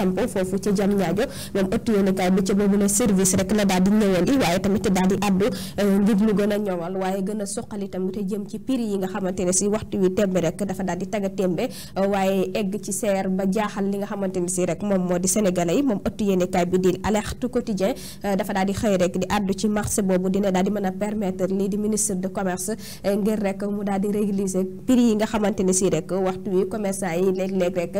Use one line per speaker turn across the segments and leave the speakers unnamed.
sampo foofu ci jam ñaajo moom ëttu yéenekaay bi ci boobu la service rek la daal di ñëwandi waaye tamit daal di addu euh, ngir lu gën a ñoŋal waaye gën a suqali tamit jëm ci prix yi nga xamante ne si waxtu wi tembe rek dafa daal di euh, moo di sénégalais yi moom ëttu yéenekaay bi di alerte quotidien euh, di xëy rek di addu ci marché boobu di mën a permettre lii di ministre de commerce ngir rek mu daal di réguliser prix yi nga xamante ne si rek waxtu wi commerçant yi léeg-léeg rek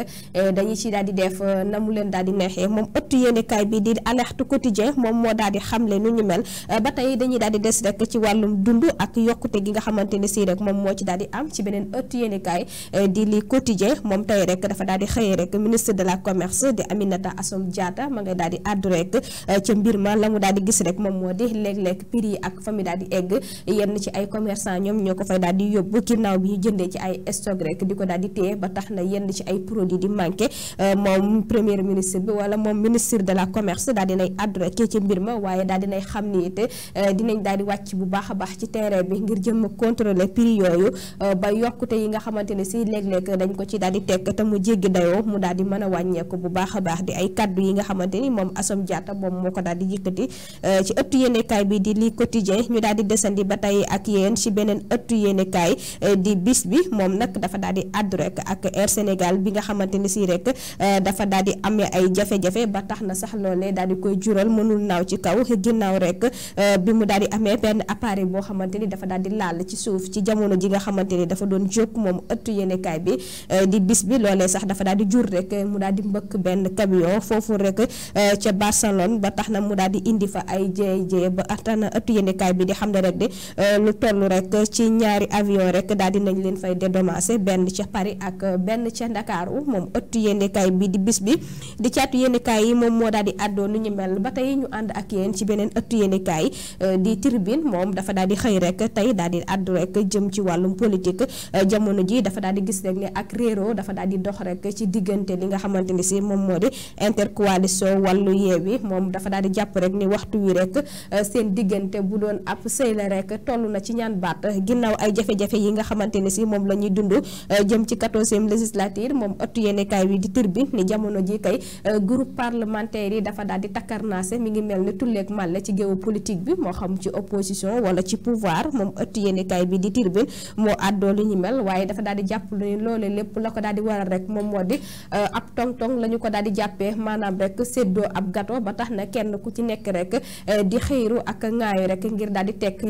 dañu ci daal di def namu mu leen daal di neexee moom ëttu yéenekaay bi di alerte quotidien moom moo daal di xamle nu ñu mel ba tey dañuy daal di des rek ci wàllum dund ak yokkute gi nga xamante ni rek moom moo ci daal di am rek ca mbir ma la mu daal di gis rek moom moo di léeg-léeg prix ak fa mu di egg yenn ci ay commerçant ñoom ñoo ko fay daal di yóbbu ginnaaw bi jëndee ci ay stock rek di ko daal di téye ba tax na yenn ci ay produits di manqué moom premier premier ministre bi wala moom ministre de la commerce daal dinay àddu rek ci mbir ma waaye daal dinay xam ni it eh, dinañ daal di wàcc bu baax a baax ci terrain bi ngir jëm contrôler prix yooyu eh, ba yokkute yi nga xamante ne si léeg-léeg dañ ko ci daal di teg te mu bu baax a baax di ay yi nga xamante ni moom Assome Diatta moom moo ko daal di yëkkati eh, ci ëttu yéenekaay ba tey ak yéen ci beneen ëttu bi moom nag dafa daal di àddu rek ak Air Sénégal bi nga xamante di amee ay jafe-jafe ba tax na sax loolee daal di koy jural mënul naaw ci kaw ginnaaw rek euh, bi mu daal di amee benn appareil boo xamante ni dafa daal di laal ci suuf ci jamono ji nga xamante ni dafa doon jóg moom ëttu yéenekaay bi euh, di bis bi loolee sax dafa daal di jur rek mu daal di mbëkk benn camion foofu rek euh, ca Barcelone ba tax na mu daal di indi fa ay jéey jéey ba tax na ëttu yéenekaay di xam ne rek di lu toll rek ci ñaari avion rek daal di nañ leen fay dédommagé benn ca Paris ak benn ca Ndakaaru moom ëttu yéenekaay bi di bis bi di caatu yéenekaay yi moom moo daal di àddoo nu ñu mel ba tey ñu ànd ak yéen ci beneen ëttu yéenekaay euh, di tribune moom dafa daal di xëy rek tey daal di àddu jëm ci wàllum politique euh, jamono ji dafa daal di gis rek ne ak réero dafa daal di dox rek ci diggante li nga xamante ni si moom moo di intercoalition wàllu yeewi moom dafa daal di jàpp rek ni waxtu wi rek euh, seen diggante bu doon ab sëy la toll na ci ñaan baat ginnaaw ay jafe yi nga xamante ni si moom la ñuy dund jëm ci quatorzième législature moom ëttu yéenekaay wi di tribune ni jamono ji tey euh, groupe parlementaire yi dafa daal di takkarnaase mi ngi mel ni tulleeg màlle ci géewu politique bi moo xam ci opposition wala ci pouvoir moom ëtt yéenekaay bi di Tribune li ñu euh,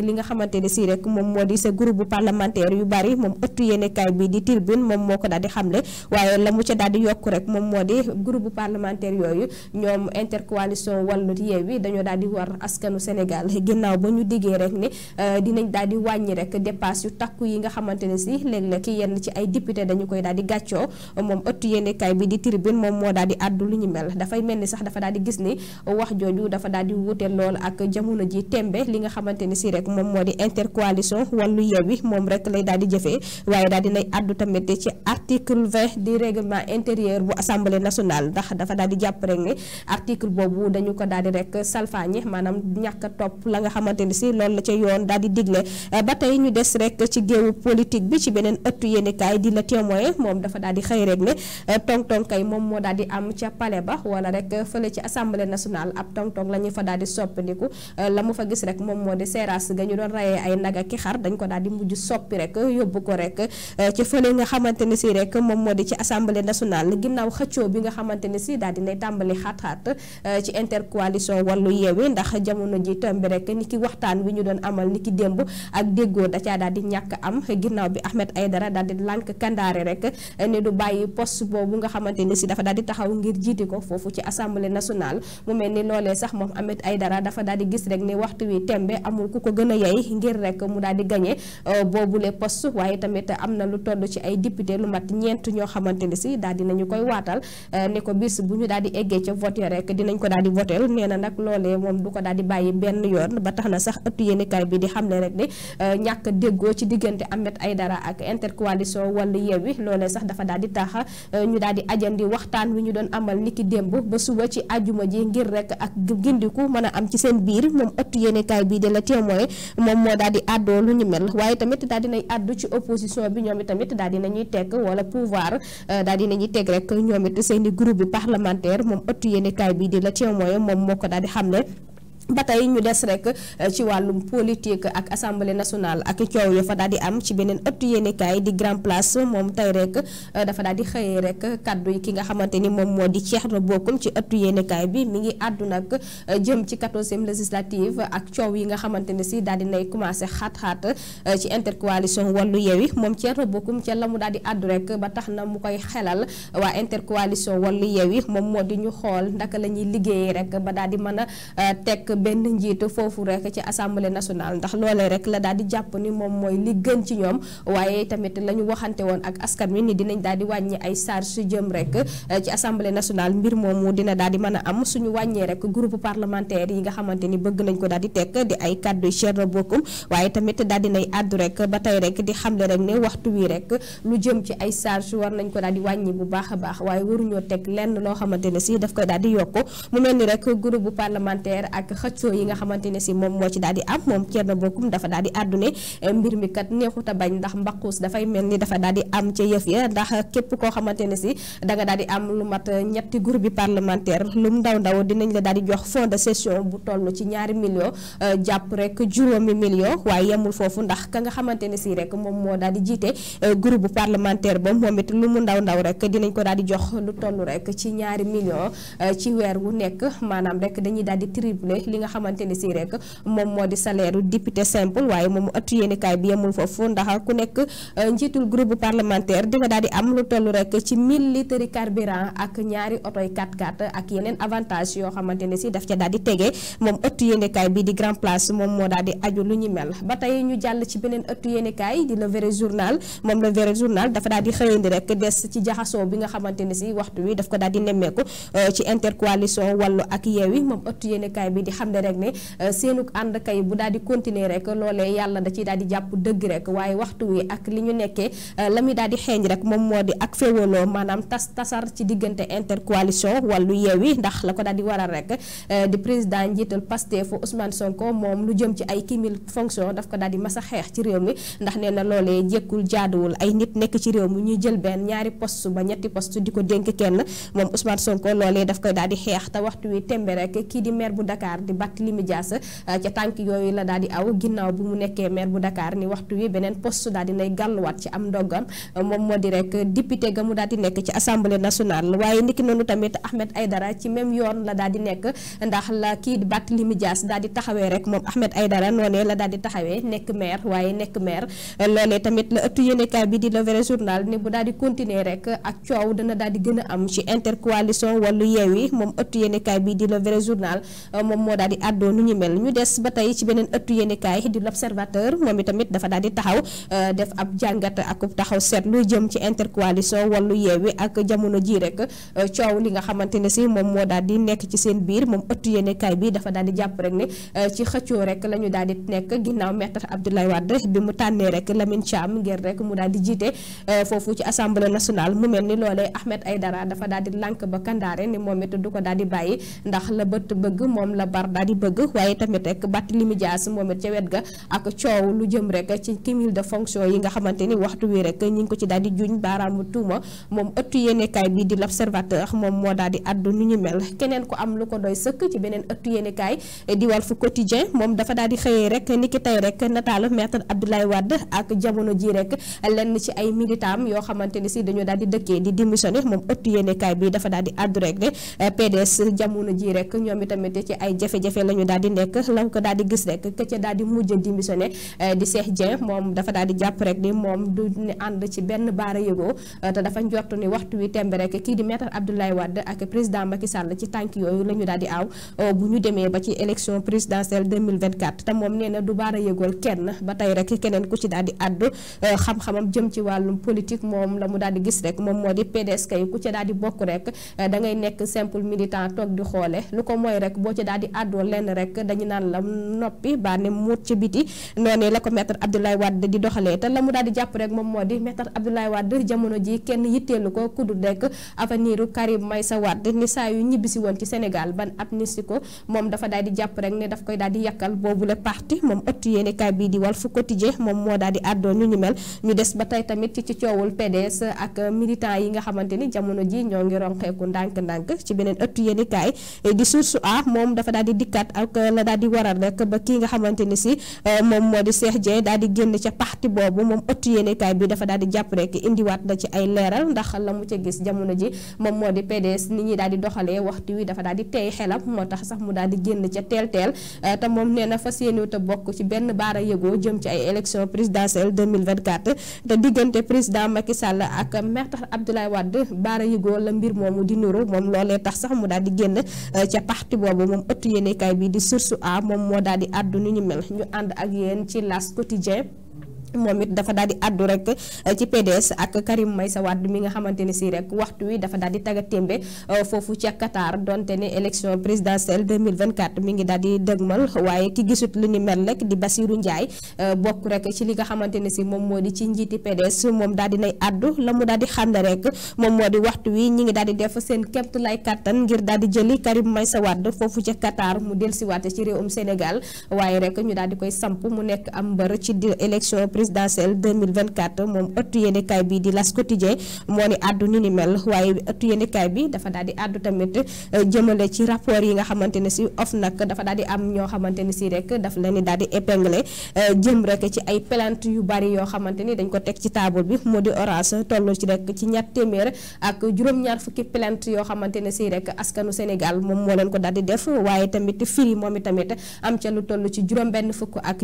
na euh, si rek moom moo di sa yu bari moom ëtt yéenekaay bi di Tribune moom moo ko daal di xamle waaye la mu ca daal di yokk rek moom moo di groupe groupe parlementaire yooyu ñoom intercoalition wàllu Yewwi dañoo daal di war askanu Sénégal ginnaaw ba ñu diggee rek ne euh, dinañ daal di wàññi rek dépasse yu takku yi nga xamante ne si léeg-léeg yenn ci ay député dañu koy daal di gàccoo moom ëttu yéenekaay bi di tribune moom moo daal di àddu lu ñu mel dafay mel ni sax dafa daal di gis ni wax jooju dafa daal di wuute lool ak jamono ji tembe li nga xamante ne si rek moom moo di intercoalition wàllu Yewwi moom rek lay daal di jëfee waaye daal dinay àddu tamit ci article 20 di règlement intérieur bu assemblée nationale ndax dafa daal di jàpp rek ne article boobu dañu ko daal di salfaañe maanaam ñàkk topp la nga xamante ni si loolu la ca yoon daal di digle eh, ba tey ñu des rek ci géewu politique bi ci beneen ëttu yéenekaay di la témoin moom dafa daal di xëy rek ne eh, tong-tong kay moom moo daal di am ca palais ba wala rek fële ci assemblée nationale ab tong-tong la ñu fa daal di soppandiku eh, la mu fa gis rek moom moo di seeraas ga ñu doon rayee ay nag ak ko daal di mujj soppi rek yóbbu ko rek ci fële nga xamante ni si rek moom moo di ci assemblée nationale ginnaaw xëccoo xamante ne si daal dinay tàmbali xaat-xaat euh, ci intercoalition wàllu yeewi ndax jamono ji tembe rek ni ki waxtaan wi ñu doon amal ni ki démb ak déggoo da caa daal di ñàkk am ginnaaw bi Ahmed Aidara daal di lànk rek ne du bàyyi post boobu nga xamante ne si dafa daal di taxaw ngir jiiti ko foofu ci assemblée national mu mel ni loolee sax moom ay dara dafa daal di gis rek ni waxtu wi tembe amul ku ko gën a yey ngir rek mu daal di gañe euh, boobule post waaye tamit am na lu toll ci ay député lu mat ñeent ñoo xamante ne si daal dinañu koy waatal euh, ne ko ko bis bu ñu daal di eggee ca vote rek dinañ ko daal di votel nee na nag loolee moom du ko daal bàyyi benn yoon ba tax na sax ëttu yéenekaay bi di xamle rek ne euh, ñàkk déggoo ci sax dafa daal di tax euh, ñu daal di ajandi waxtaan wi ñu doon amal niki démb ba suba ci ajuma ji ngir rek ak gindiku mën a am ci seen biir moom ëttu yéenekaay bi di la témoin moom moo daal di àddoo lu ñu mel waaye tamit daal dinay àddu ci opposition bi ñoom itamit daal dinañuy teg wala pouvoir euh, daal dinañuy teg rek ñoom it seeni groupe bi parlementaire moom ëttu yéenekaay bi di la Témoin moom moo ko daal di xam ne ba tey ñu des rek eh, ci wàllum politique ak assemblée nationale ak coow ya fa daal di am ci beneen ëttu yéenekaay di grand place moom tey rek eh, dafa daal di xëyee rek kaddu ki nga xamante ni moom moo di Thierno Bocoum ci ëttu yéenekaay bi mi ngi eh, jëm ci quatorzième législative ak coow yi nga xamante ne si daal di nay commencé xaat-xaat ci intercoalition wàllu Yewwi moom Thierno Bocoum ca la mu daal di àddu rek ba tax na mu koy xelal waa intercoalition wàllu Yewwi moom moo di ñu xool ndaka la ñuy liggéeyee rek ba daal di mën a benn njiitu foofu rek ci assemblée nationale ndax loolee rek la daal di jàpp ni moom mooy li gën ci ñoom waaye tamit la ñu waxante woon ak askan wi ni dinañ daal di wàññi ay charge jëm rek eh, ci assemblée nationale mbir moomu dina daal di mën a am suñu wàññee rek groupe parlementaire yi nga xamante ni bëgg nañ ko daal di teg di ay kàddu Thierno Bocoum waaye tamit daal nay àddu rek ba tey rek di xamle rek ne waxtu wii rek lu jëm ci ay charge war nañ ko daal di wàññi bu baax a baax waaye waruñoo teg lenn loo xamante ne si daf koy daal di yokk ak xëccoo yi nga xamante ne si moom moo ci daal di am moom Thierno Bocoum dafa daal di àddune eh, mbir mi kat neexut bañ ndax mbaquus dafay mel ni dafa daal di am ca yëf ya ndax képp koo xamante ne si da nga daal di am lu mat eh, ñetti groupe parlementaire lu mu ndaw ndaw dinañ la daal di jox fond de session bu toll ci ñaari million eh, jàpp rek juróomi million waaye yemul foofu ndax ka nga xamante ne si rek moom moo daal di jiite groupe parlementaire ba moom it lu mu ndaw ndaw rek dinañ ko daal di jox lu tollu rekk ci ñaari million ci weer wu nekk maanaam rek dañuy daal di tripler li nga xamante ni si rek moom moo di salaire député simple waaye moom ëttu yéenekaay bi yemul foofu ndax ku nekk euh, njiitul groupe parlementaire di nga daal di am lu toll rek ci 1000 litres carburant ak ñaari otoy 4x4 ak yeneen avantage yoo xamante ne si daf ca daal di tege moom ëttu yéenekaay bi di grand place moom moo daal di aju lu ñu mel ba tey ñu jàll ci beneen ëttu yéenekaay di le vrai journal moom le vrai journal dafa daal di xëyandi rek des ci jaxasoo bi nga xamante ne si waxtu wi daf ko daal di nemmeeku euh, ci intercoalition wàllu ak yeewi moom ëttu yéenekaay bi di xam ne rek ne euh, seenu ànd kay bu daal di continuer rek loolee yàlla da ciy daal di jàpp dëgg rek waaye waxtu wi ak li ñu nekkee euh, la muy daal di xeeñ rek moom moo di ak féewaloo maanaam tas tasar ci diggante intercoalition wàllu yeewi ndax la ko daal di waral rek euh, di président njiital Pastef Ousmane Sonko moom lu jëm ci ay kimil fonction daf ko daal di mas a xeex ci réew mi ndax nee na loolee jékkul jaaduwul ay nit nekk ci réew mi ñuy jël benn ñaari post ba ñetti poste di ko dénk kenn moom Ousmane Sonko loolee daf koy daal di xeex te waxtu wi tembe rek kii di maire bu Dakar di Barthélémy Dias euh, ca tànk yooyu la daal di aw ginnaaw bu mu nekkee maire bu Dakar ni waxtu wi beneen poste daal di nay gàlluwaat ci am ndoggam euh, moom moo di rek député ga mu daal di nekk ci assemblée nationale waaye niki noonu tamit Ahmed Aydara ci même yoon la daal di nekk ndax la kii di Barthélémy Dias di taxawee rek moom Ahmed Aydara noonee la daal di taxawee nekk maire waaye nekk maire euh, loolee tamit la ëttu yéenekaay bi di le vrai journal ni bu daal di continuer a daal di àddoo nu ñu mel ñu des ba tey ci beneen ëttu yéenekaay di l'observateur moom itamit dafa daal di taxaw euh, def ab jàngat ak taxaw seetlu jëm ci intercoalition Wallu Yewwi ak jamono ji rek euh, coow li nga xamante ne si moom moo daal di nekk ci seen biir moom ëttu yéenekaay bi dafa daal di jàpp rek ne euh, ci xëccoo rek la dal di nekk ginnaaw maître Abdoulaye Wade bi mu tànnee rek Lamine Thiam ngir rek mu daal di jiite foofu ci assemblée nationale mu mel ni loolee Ahmed Aïdara dafa daal di lànk ba kandaare ni moom it di bàyyi ndax la bët bëgg moom la daal di bëgg waaye tamit rek Barthélémy Dias moom it ca wet ga ak coow lu jëm rek ci cumul de fonction yi nga xamante ni waxtu wi rek ñi ngi ko ci daal di juñ baaraamu tuuma moom ëttu yéenekaay bi di moom moo daal di addu nu ñu mel keneen ko am lu ko doy sëkk ci beneen ëttu yéenekaay di Walf Quotidien moom dafa daal di xëyee rek niki tey rek nataal maître Abdoulaye Wade ak jamono ji rek lenn ci ay militam yoo xamante ni si dañoo daal di dëkkee di démissionné moom ëttu yéenekaay bi dafa daal di addu rek ne eh, PDS jamono ji rek ñoom itamit ci ay jafe jafe-jafe la di nekk lan ko daal di gis rek këcca daal di mujj démissionné eh, di Cheikh Dieng moom dafa daal jàpp rek ni moom du ni ànd ci benn baara yëgoo eh, te dafa njort ni waxtu wi temb kii di maître Abdoulaye Wade ak président Macky Sall ci tànk yooyu la ñu daal di aaw eh, bu ñu demee ba ci élection présidentielle 2024 te moom nee na du baara yëgool kenn ba tey rek keneen ku ci daal àddu xam-xamam jëm ci wàllum politique moom la mu daal di gis rek moom moo di PDS kay ku da ngay nekk simple militant toog di xoole lu ko mooy rek boo ci daal di àddu àddoo lenn rek dañu naan la noppi di doxalee te la mu daal di jàpp rek moom moo di maître Abdoulaye Wade jamono ji kenn yitteelu ko kudd rek avenir Karim Meïssa Wade ni saa yu ñibbisi woon ci Sénégal ban amnistie ko moom dafa daal di jàpp rek ne daf koy daal di yàkkal boobu la parti moom ëtt yéenekaay bii di ko Quotidien moom moo daal di àddoo ñu ñu mel ñu des ba tey tamit ci coowul PDS ak militant yi nga xamante ni jamono ji ñoo ngi ronqeeku ndànk-ndànk ci beneen ëtt yéenekaay di source a moom dafa daal di dikkat ak la daal di waral rek ba kii nga xamante si euh, moom moo di Cheikh Dieng daal di génn ca parti boobu moom ëttu yéenekaay bi dafa daal di jàpp rek indiwaat na ci ay leeral ndax la mu ca gis jamono ji moom moo di PDS ni ñuy daal di doxalee waxtu wi dafa daal di tey xelam moo tax sax mu daal di génn ca teel teel euh, te moom nee na fas yéene te bokk ci benn baara yëgoo jëm ci ay élection présidentielle 2024 te diggante président Macky Sall ak Maître Abdoulaye Wade baara yëgoo la mbir moomu di nuru moom loolee tax sax mu daal di génn euh, yéenekaay bi di Source A moom moo daal di àddu ni ñu mel ñu ànd ak yéen ci las quotidien moom it dafa daal di àddu rek eh, ci PDS ak Karim Meïssa Wade mi nga xamante ne si rek waxtu wi dafa daal di taga témbe eh, foofu ca Qatar donte ne élection présidentielle mi ngi daal di dëgmal waaye ki gisut lu ni mel rek di Bassirou Ndiaye eh, bokk rek ci li nga xamante ne si moom moo di ci njiiti PDS moom daal di nay àddu la mu daal di xam ne rek moom moo di waxtu wi ñi ngi daal di def seen kemt lay kattan ngir daal di jëli may sa Wade foofu ca Qatar mu dellusiwaat ci réewum Sénégal waaye rek ñu daal di koy samp mu nekk présidentielle 2024 moom ëttu yéenekaay bi di L'As Quotidien moo ni àddu ni ni mel waaye ëttu yéenekaay bi dafa daal di àddu tamit euh, jëmale ci rapport yi nga xamante ne si OFNAC dafa daal di am ñoo xamante ni si rek daf leen di daal di épinglé euh, jëm rek ci ay plainte yu bari yoo xamante ni dañ ko teg ci table bi moo di Orange toll ci rek ci ñett téeméer ak juróom-ñaar fukki plainte yoo xamante ne si rek askanu Sénégal moom moo leen ko daal di def waaye tamit firi moom i tamit am ca lu toll ci juróom benn fukk ak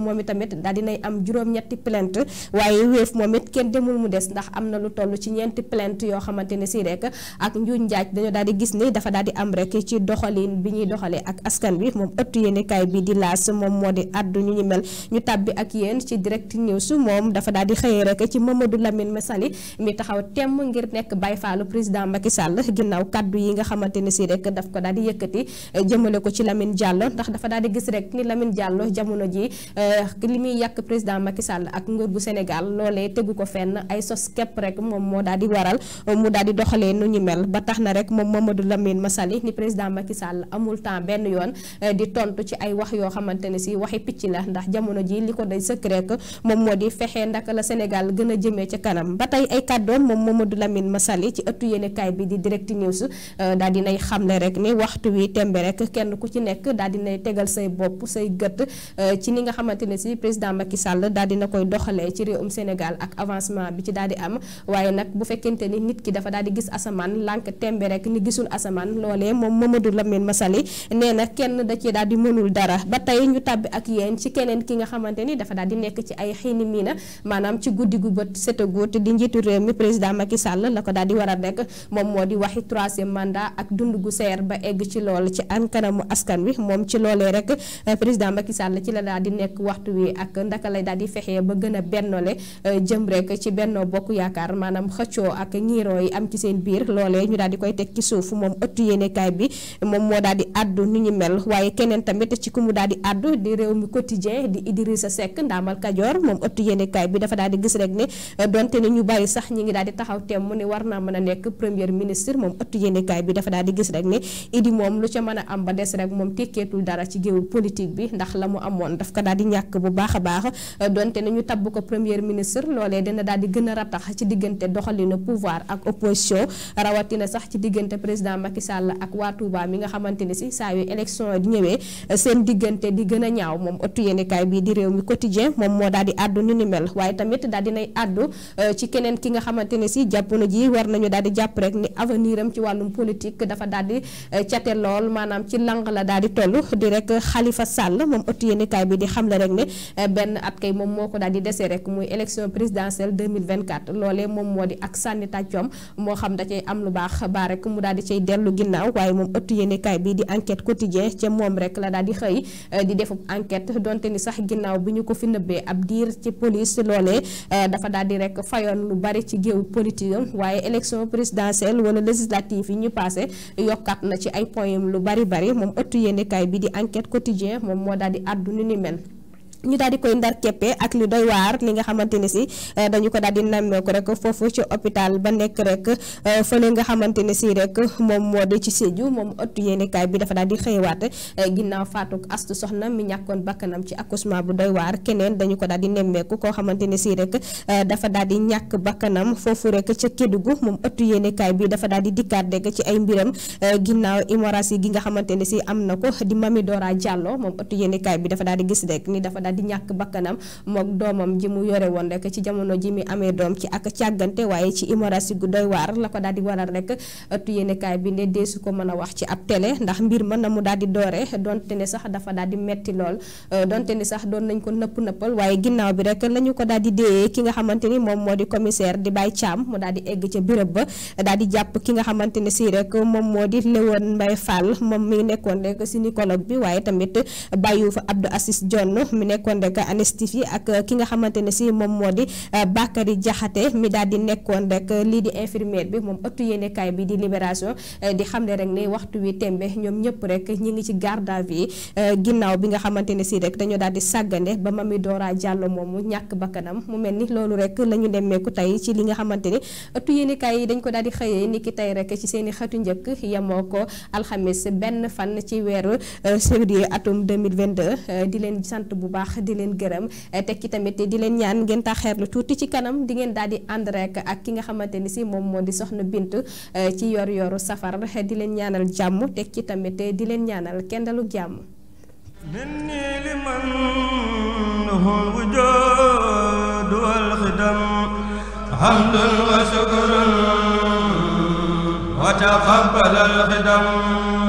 moom itamit daal dinay am juróom-ñetti plainte waaye wéef moom it kenn demul mu des ndax am na lu toll ci ñeenti plainte yoo xamante ne si rek ak njuuñ njaaj dañoo daal di gis ni dafa daal di am rek ci doxalin bi ñuy doxalee ak askan bi moom ëttu yéenekaay bi di laas moom moo di addu ñu ñu mel ñu tàbbi ak yéen ci direct news moom dafa daal di xëyee rek ci Mamadou Lamine Massaly mi taxaw temm ngir nekk Baye Fallou président Macky Sall ginnaaw kaddu yi nga xamante ne si rek daf ko daal di yëkkati jëmale ko ci Lamine jàll ndax dafa daal di gis rek ni Lamine Diallo jamono ji Euh, li muy yàq président Macky Sall ak nguur gu Sénégal loolee tegu ko fenn ay sos képp rek moom moo daal di waral mu daal di doxalee nu ñu mel ba tax na rek moom Mamadou Lamine Massaly ni président Macky Sall amul temps benn yoon euh, di tontu ci ay wax yoo xamante ne si waxi picc la ndax jamono ji li ko day sëkk rek moom moo di fexee ndaka la Sénégal gën a jëmee ca kanam ba tey ay kàddoom moom Mamadou Lamine Massaly ci ëttu yéenekaay bi di Direct News euh, daal dinay xamle rek ni waxtu wi tembe rek kenn ku ci nekk daal dinay tegal say bopp say gët ci ni nga xamante xamante ne si président Macky Sall daal dina koy doxalee ci réewum Sénégal ak avancement bi ci daal di am waaye nag bu fekkente ni di gis asamaan lànk tembe rek ni gisul asamaan loolee moom Mamadou Lamine Massaly nee da cee di mënul dara ba tey ñu tàbbi ak yéen ci keneen ki nga xamante ni dafa daal di nekk ci ay xiini miina maanaam ci guddi gu bët di njiitu réew mi président Macky Sall la ko daal di waral rek moom moo di waxi troisième mandat ak dund gu seer ba egg ci lool ci ankanamu askan wi moom ci loolee rek eh, président Macky Sall ci la di nekk waxtu wi ak ndaka la daal di fexee ba gën a bennole euh, jëm rek ci Benno Bokk Yaakaar maanaam xëccoo ak ñiiroo yi am ci seen biir loolee ñu daal di koy teg ci suuf moom ëttu yéenekaay bi moom moo daal di addu ni ñu mel waaye keneen tamit ci ku daal di addu di réew mi quotidien di Idrissa Seck ndaamal Kajoor moom ëttu yéenekaay bi dafa daal di gis rek ne euh, donte ne ñu bari sax ñi ngi daal di taxaw teem mu ne war naa mën a nekk premier ministre moom ëttu yéenekaay bi dafa daal di gis rek ne idi moom lu ca mën a am ba des rek moom tekkeetul dara ci géew politique bi ndax la mu amoon daf ko daal ñàkk bu baax a baax donte na ñu tabb ko premier ministre loolee dina daal di gën a ratax ci diggante doxalinu pouvoir ak di ñëwee seen diggante di a bii di réew mi quotidien moom moo daal di àddu ni ni mel waaye tamit daal dinay àddu euh, ci keneen ki nga xamante ne si jàpp na ji war nañu daal di jàpp rek ni avenir am ci wàllum politique dafa daal di euh, cate lool maanaam ci lang la daal di toll di rek Khalifa Sall moom ëttu yéenekaay bi di xam xamle rek ne eh, benn at kay moom moo ko daal di desee rek muy élection présidentielle 2024 loolee moom moo di ak sànni tàccoom moo xam da cay am lu baax baa rek mu daal di cay dellu ginnaaw waaye moom ëttu yéenekaay bi di enquête quotidien ca moom rek la daal di eh, di def enquête donte ni sax ginnaaw bi ñu ko fi nëbbee ab diir ci police loolee eh, dafa daal di rek fayoon lu bari ci géew politique am waaye élection présidentielle wala législative yi ñu passé yokkaat na ci ay points lu bari bari moom ëttu yéenekaay bi di enquête quotidien moom moo daal di àddu ni ni mel ñu daal di koy ndar keppe ak lu doy waar li nga xamante ne si eh, dañu ko daal di nammeeku rek foofu ci hôpital ba nekk rek eh, fële nga xamante ne si rek moom moo di ci Sédhiou moom ëttu yéenekaay bi dafa daal di xëywaat eh, ginnaaw faatuk astu soxna mi ñàkkoon bakkanam ci accouchement bu doy waar keneen dañu ko daal di nemmeeku koo xamante ne si rek dafa daal di ñàkk bakkanam foofu rek moom ëttu yéenekaay bi dafa daal di dikkaat rek ci ay mbiram ginnaaw hémorragie gi nga xamante ne si am na ko di Mami Dora Diallo moom ëttu yéenekaay bi dafa daal di gis rek ni dafa daal di ñàkk bakkanam mook doomam ji mu yore woon rek ci jamono ji mi amee doom ci ak càggante waaye ci hémorragie gu doy waar la ko daal di waral rek ëttu yéenekaay bi ne deesu ko mën a wax ci ab télé ndax mbir ma na mu daal di doore donte ne sax dafa daal di metti lool euh, donte ne sax doon nañ ko nëpp nëppal waaye ginnaaw bi rek la ñu ko daal di déyee ki nga xamante ni moom moo di commissaire di Baye Thiam mu daal di egg ca béréb ba daal di jàpp ki nga xamante ne si rek moo di Léone Mbaye Fall moom mi nekkoon rek gynécologue bi waaye tamit bàyyiwu fa nekkoon rek anesthésie ak ki nga xamante ne si moom moo di euh, Bakary Diakhaté mi daal di nekkoon rek lii di infirmière bi moom ëttu yéenekaay bi di libération euh, di xam ne rek ne waxtu wi tembe ñoom ñëpp rek ñi ngi ci garde à vue euh, ginnaaw bi nga xamante ne si rek dañoo daal di sàggane ba Mamy Dora Diallo moomu ñàkk bakkanam mu mel ni loolu rek la ñu nemmeeku tey ci li nga xamante ni ëttu yi dañ ko daal di xëyee ni ki tey rek ci seeni xetu njëkk njëkk yemoo ko alxamis benn fan ci weeru février atum 2022 di leen sant bu baa baax di leen gërëm tekki tamit di leen ñaan ngeen taxeerlu tuuti ci kanam di ngeen daal di ànd rek ak ki nga xamante ni si moom moo di soxna bint eh, ci yor yoru safar di leen ñaanal jàmm tekki tamit di leen ñaanal kenn dalu jàmm مني لمن له الوجود والخدم حمد وشكر وتقبل الخدم